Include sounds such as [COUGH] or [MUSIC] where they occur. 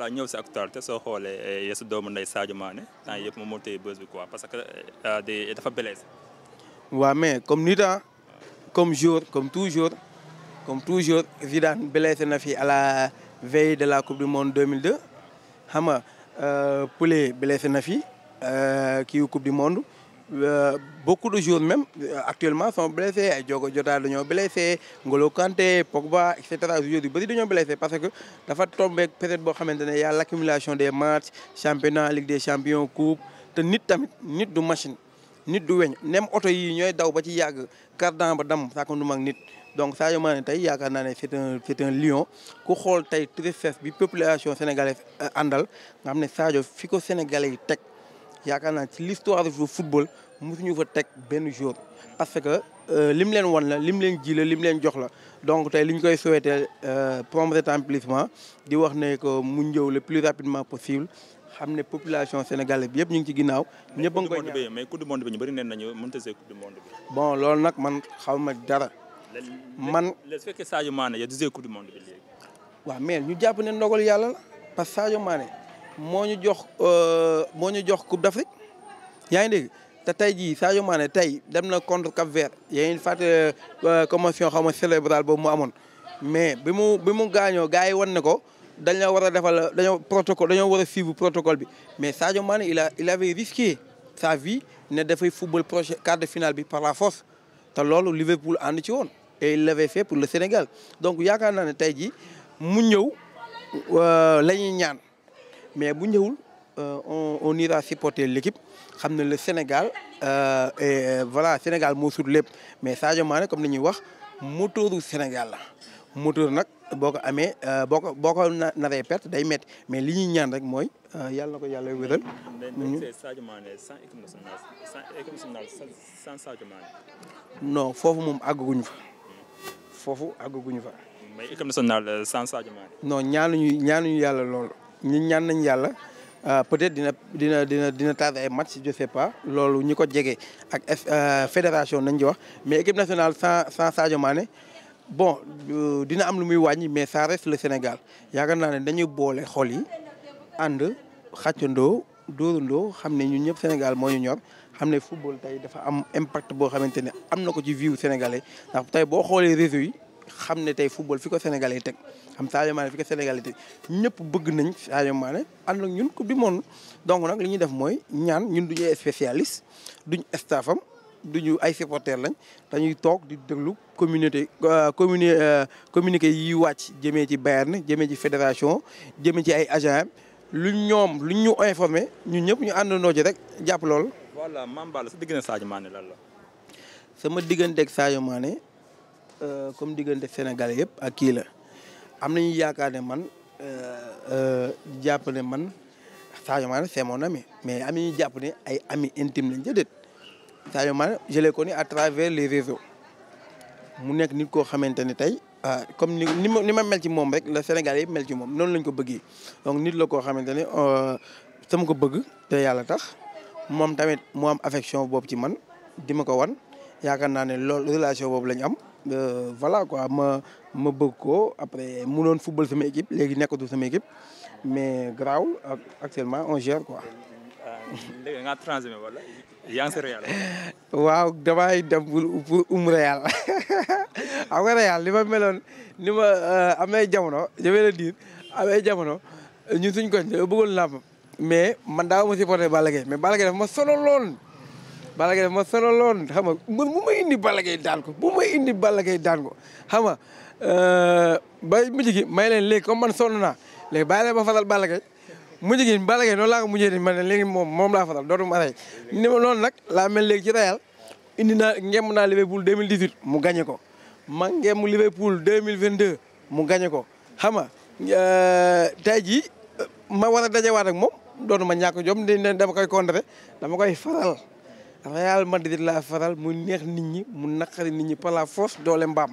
allah ñëw si actualité soo xoolee eh, yeesu doomu ndey Sadio Mané temps yëpp moom moo bës bi quoi parce que eh, ah, dafa blessé. waaw mais comme nit ah, comme jour comme toujours comme toujours Zidane blessé na fi à la veille de la coupe du monde 2002 xam nga euh, na fi euh, kii coupe du monde. Euh, beaucoup de joueurs même euh, actuellement sont blessés ay Diogo Jota dañoo blessé Ngolo Kanté Pogba et cetera joueurs yu bëri dañoo blessé parce que dafa tombé période boo xamante ne y a l'accumulation des matchs championnat Ligue des champions coupe te nit tamit nit du machine nit du weñ nem oto yi ñooy daw ba ci yàgg cardan ba dam saako nu mag nit donc Sadio Mané tey yaakaar naa ne c'est un c'est un lion ku xool tey tristesse bi population sénégalaise euh, àndal nga xam ne Sadio fi ko yi teg yaakaar naa ci l'histoire du football mosuñu fa teg benn jour. parce que euh, lim leen won la lim leen ji la lim leen jox la donc te li ñu koy souhaiter euh, prompt rétablissement di wax ne ko mu ñëw le plus rapidement possible. xam ne population sénégalais bi yëpp ñu ngi ci ginnaaw. ñëpp a ngi koy ñaan mais coupe du monde bi bon loolu nag man xaw ma dara. man le su fekkee Sadio ya du see coupe ñu jàpp ne ndogal yàlla la parce que Sadio Mané moo ñu jox euh, moo ñu jox coupe d'Afrique yaa ngi dégg te tey jii Sadio Mané tey dem na contre Cap Vert yéen fàtte euh, commotion xaw ma cérébrale boobu mu amoon mais bi mu bi mu gaañoo gars yi wan ne ko dañoo war a defal dañoo protocole dañoo war a suivre protocole bi mais Sadio Mané il a risque avait sa vie ne dafay football projet quart de finale bi par la force te loolu Liverpool ànd ci woon et il l'avait fait pour le Sénégal donc yaakaar naa ne tey jii mu ñëw euh, la ñuy ñaan. mais bu ñëwul euh, on on ira supporter xam ne le Sénégal euh, et euh, voilà Sénégal moo sut lépp mais Sadio Mané comme ni ñuy wax moteuru Sénégal la moteur nag boo ko amee boo ko boo ko perte day métti mais li ñuy ñaan rek mooy yàlla na ko yàlla wéral. ñu Sadio Mané Sadio Mané. non moom àgguñu fa. foofu àgguñu fa. mais équipe nationale sans Sadio Mané. non ñaanuñu ñaanuñu yàlla loolu. ñun ñaan nañ yàlla euh, peut-être dina dina dina dina tardé ay match je sais pas loolu ñi ko jege ak euh, fédération nañ ci wax mais équipe nationale sans sans Sadio Mané bon euh, dina am lu muy wàññi mais ça reste le Sénégal yaakaar naa ne dañuy boole xol yi ànd xàccandoo dóorandoo xam ne ñun ñëpp Sénégal moo ñu ñor xam ne football tey dafa am impact boo xamante ne am na ko ci vie sénégalais ndax boo xoolee réseau yi. xam ne tey football fi ko Sénégal yi teg xam Sadio Mané fi ñëpp bëgg nañ Sadio maane ànd ak ñun coupe du monde donc nag li ñuy def mooy ñaan ñun duñu ay spécialiste duñ staffam duñu ay supporter lañ dañuy toog di déglu communauté euh, communi euh, communiqué yi wàcc jëmee ci Bayern jëmee ci fédération jëmee ci ay agents lu ñoom lu ñu informé ñun ñëpp ñu àndandoo ci rek jàpp lool. voilà Mame Balla sa diggante Sadio Mané lan la. sama digganteeg Sadio Euh, comme diggante Sénégal yëpp ak kii la am nañu yaakaar ne man euh, euh, jàpp ne man Sadio Mané c'est mon ami mais am nañu jàpp ne ay ami intime lañ jëndee Sadio Mané je l'ai connu à travers les réseaux mu nekk nit koo xamante ne tey. ah comme ni ma ni ma mel ci moom rek la Sénégal yëpp mel ci moom noonu lañ ko bëggee donc nit la koo xamante ne sama ko bëgg te yàlla tax moom tamit mu am affection boobu ci man di ma ko wan yaakaar naa ne loolu relation boobu lañ am. Euh, voilà quoi ma ma bëgg ko après munoon football sama équipe léegi nekkatu sama équipe mais garaawul actuellement on gère quoi. Euh, léegi [LAUGHS] waaw damay dem pour um Real [LAUGHS] xam nga Real li ma meloon ni ma euh, amee jamono je vais le dire amee jamono ñun suñ koñ bëggoon làmb mais man daaw ma supporté Balla mais Balla dafa ma solo Balla Gaye ma sonaloon xam nga man bu indi Balla daan ko bu ma indi Balla Gaye daan ko xam nga euh, ba mujj gi may leen léegi comme man sonn naa léegi bàyyi leen ma fasal Balla Gaye mujj gi Balla Gaye noonu laa ko mujjee ma ne léegi moom moom laa fasal dootuma rey ni ma noonu nag laa mel léegi ci Real indi naa ngemm naa Liverpool 2018 mu gagné ko ma ngemm Liverpool 2022 mu gagné ko xam nga euh, tey jii ma war a dajewaat ak moom ma ñàkk jom dama koy contrer dama koy faral. Real Madrid laa faral mu neex nit ñi mu naqari nit ñi par la force doole mbaam.